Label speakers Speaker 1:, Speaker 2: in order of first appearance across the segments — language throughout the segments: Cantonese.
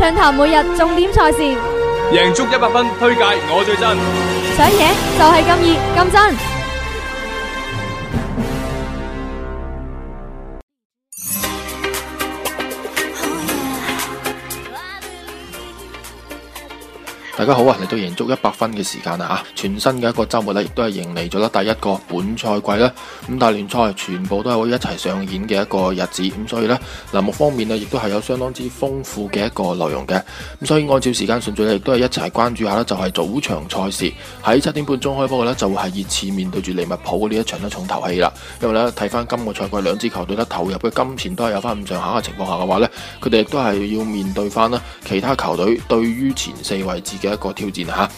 Speaker 1: 暢談每日重點賽事，贏足一百分，推介我最真，想贏就係咁熱咁真。大家好啊！嚟到贏足一百分嘅時間啦吓，全新嘅一個周末咧，亦都係迎嚟咗啦第一個本賽季啦，五大聯賽全部都係會一齊上演嘅一個日子，咁所以呢，欄目方面呢，亦都係有相當之豐富嘅一個內容嘅，咁所以按照時間順序咧，亦都係一齊關注一下呢，就係早場賽事喺七點半鐘開波嘅咧，就會係熱刺面對住利物浦呢一場呢重頭戲啦。因為呢，睇翻今個賽季兩支球隊呢投入嘅金錢都係有翻咁上下嘅情況下嘅話呢，佢哋亦都係要面對翻呢其他球隊對於前四位置嘅。一個挑戰吓，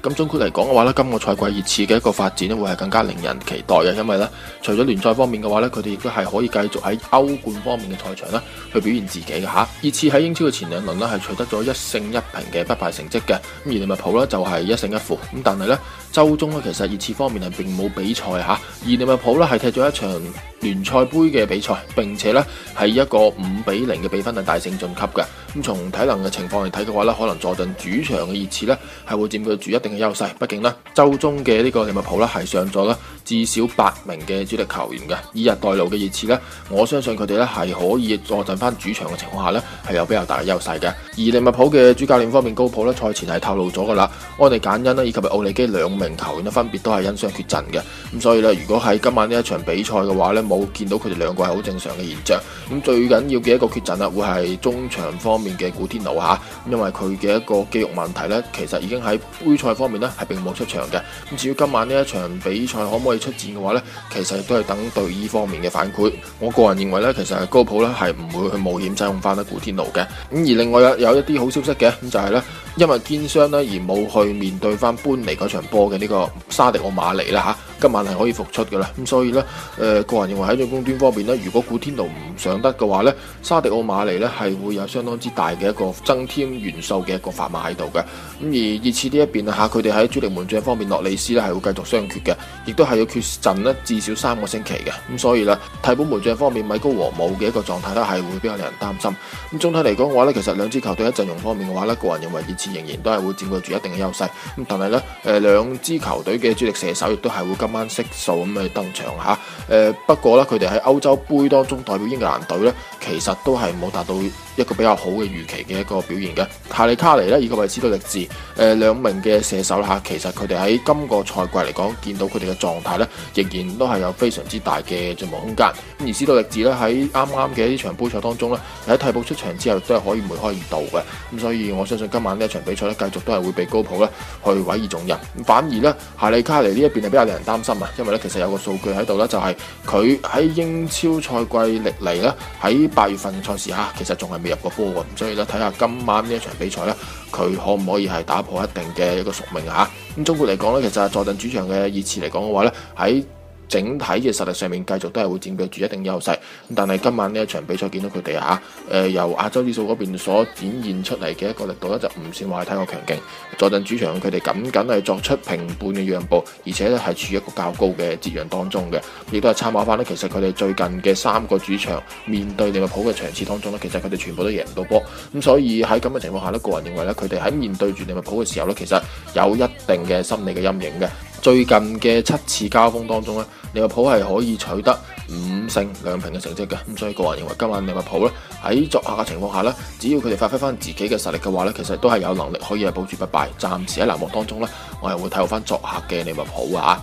Speaker 1: 咁總括嚟講嘅話咧，今個賽季熱刺嘅一個發展咧，會係更加令人期待嘅。因為咧，除咗聯賽方面嘅話咧，佢哋亦都係可以繼續喺歐冠方面嘅賽場咧，去表現自己嘅吓。熱刺喺英超嘅前兩輪咧，係取得咗一勝一平嘅不敗成績嘅，而利物浦咧就係一勝一負。咁但係咧，周中咧其實熱刺方面係並冇比賽吓，而利物浦咧係踢咗一場聯賽杯嘅比賽，並且咧係一個五比零嘅比分係大勝晉級嘅。從體能嘅情況嚟睇嘅話呢，可能坐陣主場嘅熱刺呢係會佔據住一定嘅優勢。畢竟呢，周中嘅呢個利物浦呢係上咗咧至少八名嘅主力球員嘅，以日代勞嘅熱刺呢，我相信佢哋呢係可以坐陣翻主場嘅情況下呢係有比較大嘅優勢嘅。而利物浦嘅主教練方面，高普呢賽前係透露咗噶啦，安迪簡恩呢，以及麥奧利基兩名球員呢，分別都係因傷缺陣嘅。咁所以呢，如果喺今晚呢一場比賽嘅話呢，冇見到佢哋兩個係好正常嘅現象。咁最緊要嘅一個缺陣啊，會係中場方面。嘅古天奴哈，因為佢嘅一個肌肉問題咧，其實已經喺杯賽方面咧係並冇出場嘅。咁至於今晚呢一場比賽可唔可以出戰嘅話咧，其實都係等隊醫方面嘅反饋。我個人認為咧，其實高普咧係唔會去冒險使用翻阿古天奴嘅。咁而另外有有一啲好消息嘅，咁就係咧因為肩傷咧而冇去面對翻般尼嗰場波嘅呢個沙迪奧馬尼啦吓。今晚係可以復出嘅啦，咁所以呢，誒、呃、個人認為喺進攻端方面呢，如果古天奴唔上得嘅話呢，沙迪奧馬尼呢係會有相當之大嘅一個增添元素嘅一個砝碼喺度嘅。咁而熱刺呢一邊啊嚇，佢哋喺主力門將方面，洛里斯呢係會繼續傷缺嘅，亦都係要缺陣呢至少三個星期嘅。咁所以呢，替補門將方面，米高和姆嘅一個狀態呢係會比較令人擔心。咁總體嚟講嘅話呢，其實兩支球隊喺陣容方面嘅話呢，個人認為熱刺仍然都係會佔據住一定嘅優勢。咁但係呢，誒、呃、兩支球隊嘅主力射手亦都係會慢色素咁去登場吓，誒、啊，不過咧，佢哋喺歐洲盃當中代表英格蘭隊咧。其實都係冇達到一個比較好嘅預期嘅一個表現嘅。夏利卡尼呢，以個為斯多力志，誒、呃，兩名嘅射手吓，其實佢哋喺今個賽季嚟講，見到佢哋嘅狀態呢，仍然都係有非常之大嘅進步空間。而斯多力志呢，喺啱啱嘅呢場杯賽當中呢，喺替補出場之後都係可以梅開二度嘅。咁所以我相信今晚呢一場比賽呢，繼續都係會被高普咧去委以重任。反而呢，夏利卡尼呢一邊係比較令人擔心啊，因為呢，其實有個數據喺度咧，就係佢喺英超賽季歷嚟咧喺。八月份嘅賽事嚇，啊，其實仲係未入過波喎，咁所以咧，睇下今晚呢一場比賽咧，佢可唔可以係打破一定嘅一個宿命啊嚇？咁總括嚟講咧，其實坐鎮主場嘅熱刺嚟講嘅話咧，喺整體嘅實力上面繼續都係會佔據住一定優勢，咁但係今晚呢一場比賽見到佢哋嚇，誒由亞洲指數嗰邊所展現出嚟嘅一個力度咧，就唔算話係太過強勁。坐陣主場佢哋僅僅係作出平半嘅讓步，而且咧係處於一個較高嘅節量當中嘅，亦都係參考翻咧。其實佢哋最近嘅三個主場面對利物浦嘅場次當中咧，其實佢哋全部都贏唔到波。咁所以喺咁嘅情況下呢，個人認為咧，佢哋喺面對住利物浦嘅時候咧，其實有一定嘅心理嘅陰影嘅。最近嘅七次交鋒當中咧，利物浦係可以取得五勝兩平嘅成績嘅，咁所以個人認為今晚利物浦咧喺作客嘅情況下咧，只要佢哋發揮翻自己嘅實力嘅話咧，其實都係有能力可以係保住不敗。暫時喺欄目當中咧，我係會睇好翻作客嘅利物浦啊。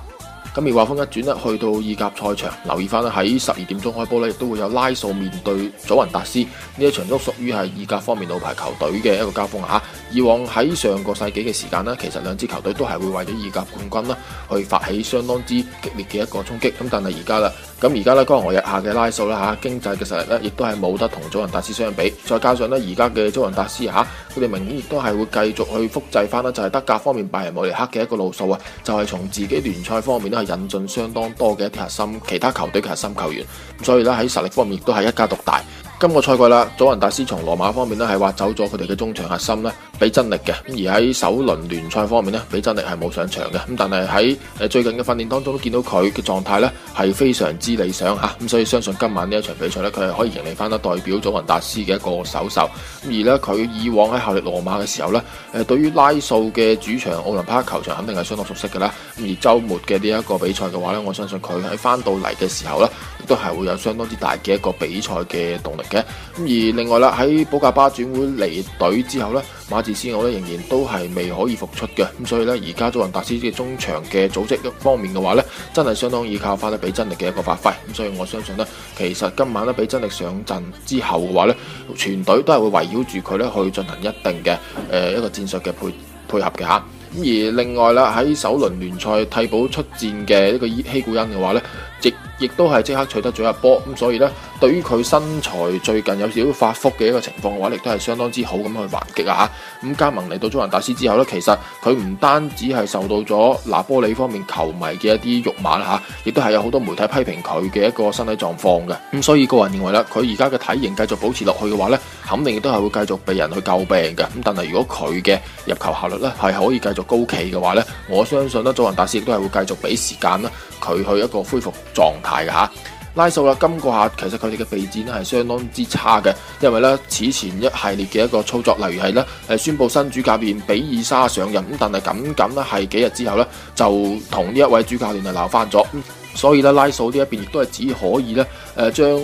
Speaker 1: 咁而話鋒一轉咧，去到意甲賽場，留意翻啦，喺十二點鐘開波咧，亦都會有拉素面對祖雲達斯呢一場都屬於係意甲方面老牌球隊嘅一個交鋒啊。以往喺上個世紀嘅時間呢，其實兩支球隊都係會為咗意甲冠軍啦，去發起相當之激烈嘅一個衝擊。咁但係而家啦，咁而家呢，江河日下嘅拉數啦嚇，經濟嘅實力呢亦都係冇得同祖雲達斯相比。再加上呢，而家嘅祖雲達斯下，佢哋明顯亦都係會繼續去複製翻呢，就係德甲方面拜仁慕尼黑嘅一個路數啊，就係、是、從自己聯賽方面呢係引進相當多嘅一啲核心，其他球隊嘅核心球員。咁所以呢，喺實力方面亦都係一家獨大。今個賽季啦，祖雲達斯從羅馬方面呢係挖走咗佢哋嘅中場核心呢。俾真力嘅，而喺首輪聯賽方面呢，俾真力係冇上場嘅。咁但係喺最近嘅訓練當中都見到佢嘅狀態呢，係非常之理想咁、啊、所以相信今晚呢一場比賽呢，佢係可以迎嚟翻得代表祖雲達斯嘅一個首秀。咁而呢，佢以往喺效力羅馬嘅時候呢，誒、呃、對於拉素嘅主場奧林匹克球場肯定係相當熟悉㗎啦。咁而週末嘅呢一個比賽嘅話呢，我相信佢喺翻到嚟嘅時候呢，都係會有相當之大嘅一個比賽嘅動力嘅。咁而另外啦，喺保加巴轉會離隊之後呢。馬茲斯奧咧仍然都係未可以復出嘅，咁所以咧而家祖雲達斯嘅中場嘅組織方面嘅話咧，真係相當倚靠翻咧比真力嘅一個發揮，咁所以我相信咧，其實今晚咧比真力上陣之後嘅話咧，全隊都係會圍繞住佢咧去進行一定嘅誒、呃、一個戰術嘅配配合嘅嚇，咁而另外啦，喺首輪聯賽替補出戰嘅呢個希古恩嘅話咧，直。亦都係即刻取得咗一波，咁所以咧，對於佢身材最近有少少發福嘅一個情況嘅話，亦都係相當之好咁去還擊啊！嚇，咁加盟嚟到祖雲達斯之後咧，其實佢唔單止係受到咗拿波里方面球迷嘅一啲辱罵嚇，亦都係有好多媒體批評佢嘅一個身體狀況嘅。咁所以個人認為呢，佢而家嘅體型繼續保持落去嘅話咧，肯定亦都係會繼續被人去救病嘅。咁但係如果佢嘅入球效率咧係可以繼續高企嘅話咧，我相信咧祖雲達斯亦都係會繼續俾時間啦，佢去一個恢復狀態。大嘅吓，拉素啦，今個下其實佢哋嘅備戰咧係相當之差嘅，因為咧此前一系列嘅一個操作，例如係咧誒宣布新主教練比爾莎上任，咁但係僅僅咧係幾日之後咧就同呢一位主教練係鬧翻咗，所以咧拉素呢一邊亦都係只可以咧誒將。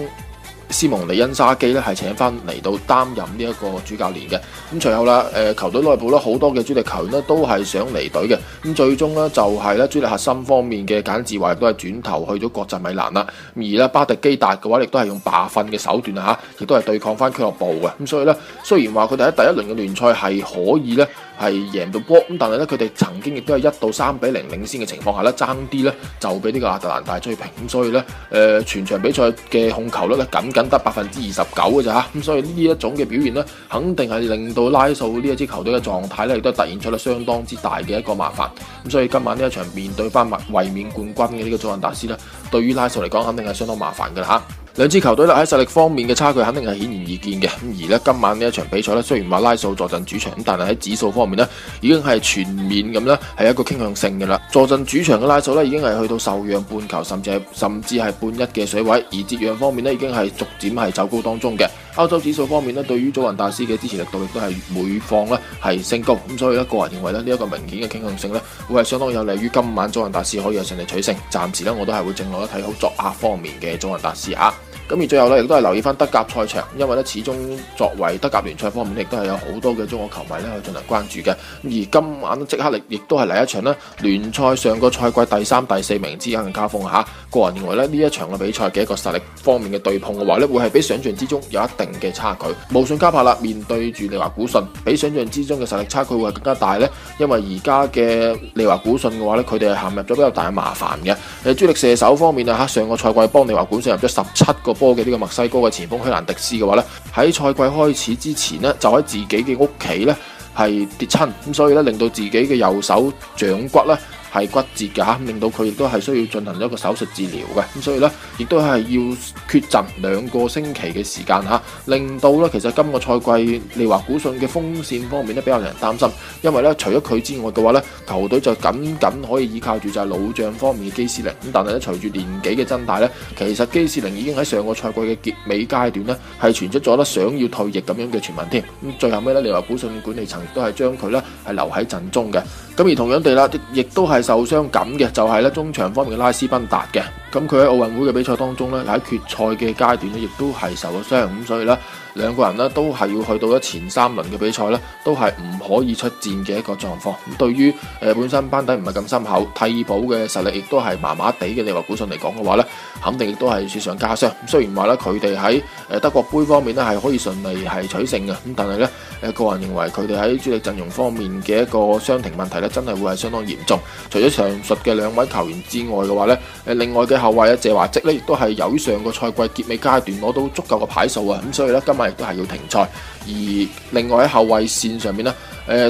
Speaker 1: 斯蒙尼恩沙基咧係請翻嚟到擔任呢一個主教練嘅。咁隨後啦，誒球隊內部咧好多嘅主力球員咧都係想離隊嘅。咁最終咧就係咧主力核心方面嘅簡志華都係轉頭去咗國際米蘭啦。而咧巴特基達嘅話亦都係用罷訓嘅手段啊嚇，亦都係對抗翻俱樂部嘅。咁所以咧雖然話佢哋喺第一輪嘅聯賽係可以咧係贏到波，咁但係咧佢哋曾經亦都係一到三比零領先嘅情況下咧爭啲咧就俾呢個亞特蘭大追平。咁所以咧誒、呃、全場比賽嘅控球率咧緊緊，得百分之二十九嘅咋吓，咁所以呢一種嘅表現咧，肯定係令到拉素呢一支球隊嘅狀態咧，亦都係突然出咗相當之大嘅一個麻煩。咁所以今晚呢一場面對翻衛冕冠軍嘅呢個祖雲達斯咧，對於拉素嚟講，肯定係相當麻煩噶啦吓。兩支球隊咧喺實力方面嘅差距肯定係顯而易見嘅，咁而咧今晚呢一場比賽咧，雖然話拉素坐鎮主場，但係喺指數方面咧已經係全面咁呢係一個傾向性嘅啦。坐鎮主場嘅拉素咧已經係去到受讓半球，甚至係甚至係半一嘅水位，而折讓方面咧已經係逐漸係走高當中嘅。歐洲指數方面咧，對於祖雲達斯嘅支持力度亦都係每放咧係升高，咁所以咧個人認為咧呢一個明顯嘅傾向性咧，會係相當有利於今晚祖雲達斯可以係順利取勝。暫時呢，我都係會淨落一睇好作客方面嘅祖雲達斯啊。咁而最後咧，亦都係留意翻德甲賽場，因為咧始終作為德甲聯賽方面亦都係有好多嘅中國球迷咧去進行關注嘅。而今晚即刻嚟，亦都係嚟一場呢聯賽上個賽季第三、第四名之間嘅交鋒下，啊、個人認為咧，呢一場嘅比賽嘅一個實力方面嘅對碰嘅話咧，會係比想象之中有一定嘅差距。慕遜加柏啦，面對住利華古遜，比想象之中嘅實力差距會更加大咧。因為而家嘅利華古遜嘅話咧，佢哋係陷入咗比較大嘅麻煩嘅。誒，主力射手方面啊，上個賽季幫利華古遜入咗十七個波嘅呢個墨西哥嘅前鋒希蘭迪斯嘅話咧，喺賽季開始之前咧，就喺自己嘅屋企咧係跌親，咁所以咧令到自己嘅右手掌骨啦。係骨折嘅嚇，令到佢亦都係需要進行一個手術治療嘅，咁所以咧，亦都係要缺陣兩個星期嘅時間嚇。令到咧，其實今個賽季，利華古遜嘅風扇方面咧比較令人擔心，因為咧除咗佢之外嘅話咧，球隊就僅僅可以依靠住就係老將方面嘅基斯寧，咁但係咧隨住年紀嘅增大咧，其實基斯寧已經喺上個賽季嘅結尾階段咧係傳出咗咧想要退役咁樣嘅傳聞添。咁最後尾咧，利華古遜管理層都係將佢咧係留喺陣中嘅。咁而同樣地啦，亦都係。受傷感嘅就係、是、咧中場方面嘅拉斯賓達嘅。咁佢喺奧運會嘅比賽當中咧，喺決賽嘅階段咧，亦都係受咗傷。咁所以咧兩個人咧都係要去到咗前三輪嘅比賽咧，都係唔可以出戰嘅一個狀況。咁對於誒本身班底唔係咁深厚，替補嘅實力亦都係麻麻地嘅，你話估信嚟講嘅話咧，肯定亦都係雪上加霜。雖然話咧佢哋喺誒德國杯方面咧係可以順利係取勝嘅，咁但係咧誒個人認為佢哋喺主力陣容方面嘅一個傷停問題咧，真係會係相當嚴重。除咗上述嘅兩位球員之外嘅話咧，誒另外嘅。後衛啊，謝華積咧亦都係由於上個賽季結尾階段攞到足夠嘅牌數啊，咁所以咧今日亦都係要停賽。而另外喺後衛線上面咧，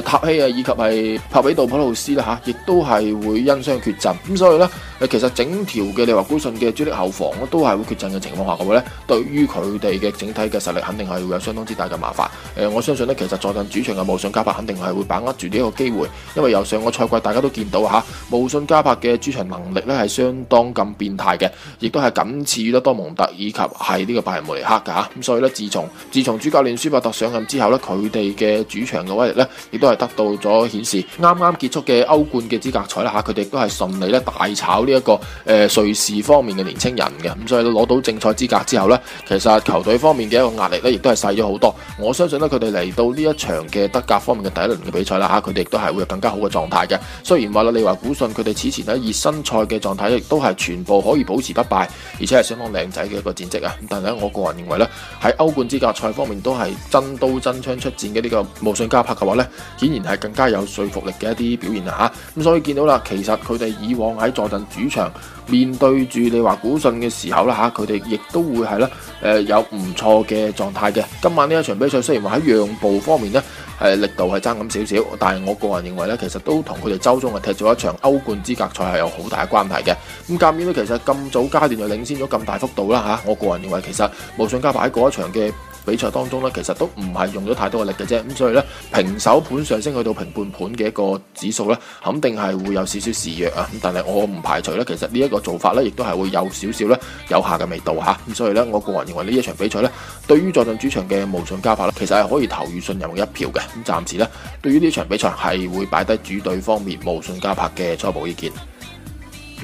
Speaker 1: 誒塔希啊以及係帕比杜普魯斯啦吓，亦都係會因傷缺陣。咁所以咧，誒其實整條嘅利華古遜嘅主力後防都係會缺陣嘅情況下嘅話咧，我對於佢哋嘅整體嘅實力肯定係會有相當之大嘅麻煩。誒，我相信咧，其實坐鎮主場嘅慕遜加柏肯定係會把握住呢一個機會，因為由上個賽季大家都見到吓，慕遜加柏嘅主場能力咧係相當咁變嘅，亦都係僅次於多蒙特以及係呢個拜仁慕尼克噶嚇，咁所以咧，自從自從主教練舒伯特上任之後咧，佢哋嘅主場嘅威力咧，亦都係得到咗顯示。啱啱結束嘅歐冠嘅資格賽啦嚇，佢哋都係順利咧大炒呢、這、一個誒、呃、瑞士方面嘅年輕人嘅，咁所以攞到正賽資格之後咧，其實球隊方面嘅一個壓力咧，亦都係細咗好多。我相信咧，佢哋嚟到呢一場嘅德甲方面嘅第一輪嘅比賽啦嚇，佢哋亦都係會有更加好嘅狀態嘅。雖然話啦，你話估信佢哋此前喺熱身賽嘅狀態亦都係全部可可以保持不敗，而且係相當靚仔嘅一個戰績啊！但係咧，我個人認為咧，喺歐冠資格賽方面都係真刀真槍出戰嘅呢個慕遜加柏嘅話咧，顯然係更加有說服力嘅一啲表現啊。吓！咁所以見到啦，其實佢哋以往喺坐鎮主場。面對住你話古信嘅時候啦嚇，佢哋亦都會係咧，誒有唔錯嘅狀態嘅。今晚呢一場比賽雖然話喺讓步方面呢，誒力度係爭咁少少，但係我個人認為呢，其實都同佢哋周中啊踢咗一場歐冠資格賽係有好大嘅關係嘅。咁間面呢，其實咁早階段就領先咗咁大幅度啦嚇，我個人認為其實無信加牌嗰一場嘅比賽當中咧，其實都唔係用咗太多嘅力嘅啫，咁所以咧，平手盤上升去到平半盤嘅一個指數咧，肯定係會有少少示弱啊，咁但係我唔排除咧，其實呢一個做法咧，亦都係會有少少咧，有效嘅味道吓，咁所以咧，我個人認為呢一場比賽咧，對於坐鎮主場嘅慕遜加柏咧，其實係可以投以信任嘅一票嘅，咁暫時咧，對於呢一場比賽係會擺低主隊方面慕遜加柏嘅初步意見。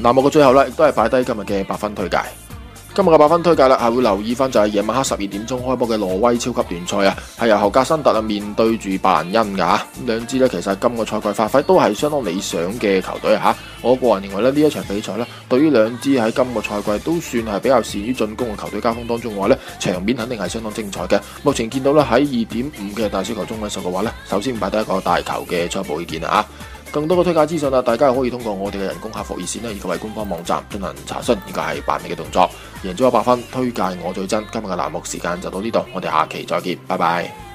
Speaker 1: 那節目嘅最後咧，亦都係擺低今日嘅百分推介。今日嘅百分推介啦，係會留意翻就係夜晚黑十二點鐘開波嘅挪威超級聯賽啊，係由侯格森特啊面對住白蘭恩噶吓，咁兩支呢，其實今個賽季發揮都係相當理想嘅球隊啊吓。我個人認為咧呢一場比賽呢，對於兩支喺今個賽季都算係比較善於進攻嘅球隊交鋒當中嘅話咧，場面肯定係相當精彩嘅。目前見到呢，喺二點五嘅大小球中嘅時候嘅話咧，首先擺低一個大球嘅初步意見啊。更多嘅推介資訊啦，大家可以通過我哋嘅人工客服熱線啦，以及為官方網站進行查詢，呢個係辦理嘅動作。贏足一百 FUN，推介我最真。今日嘅欄目時間就到呢度，我哋下期再見，拜拜。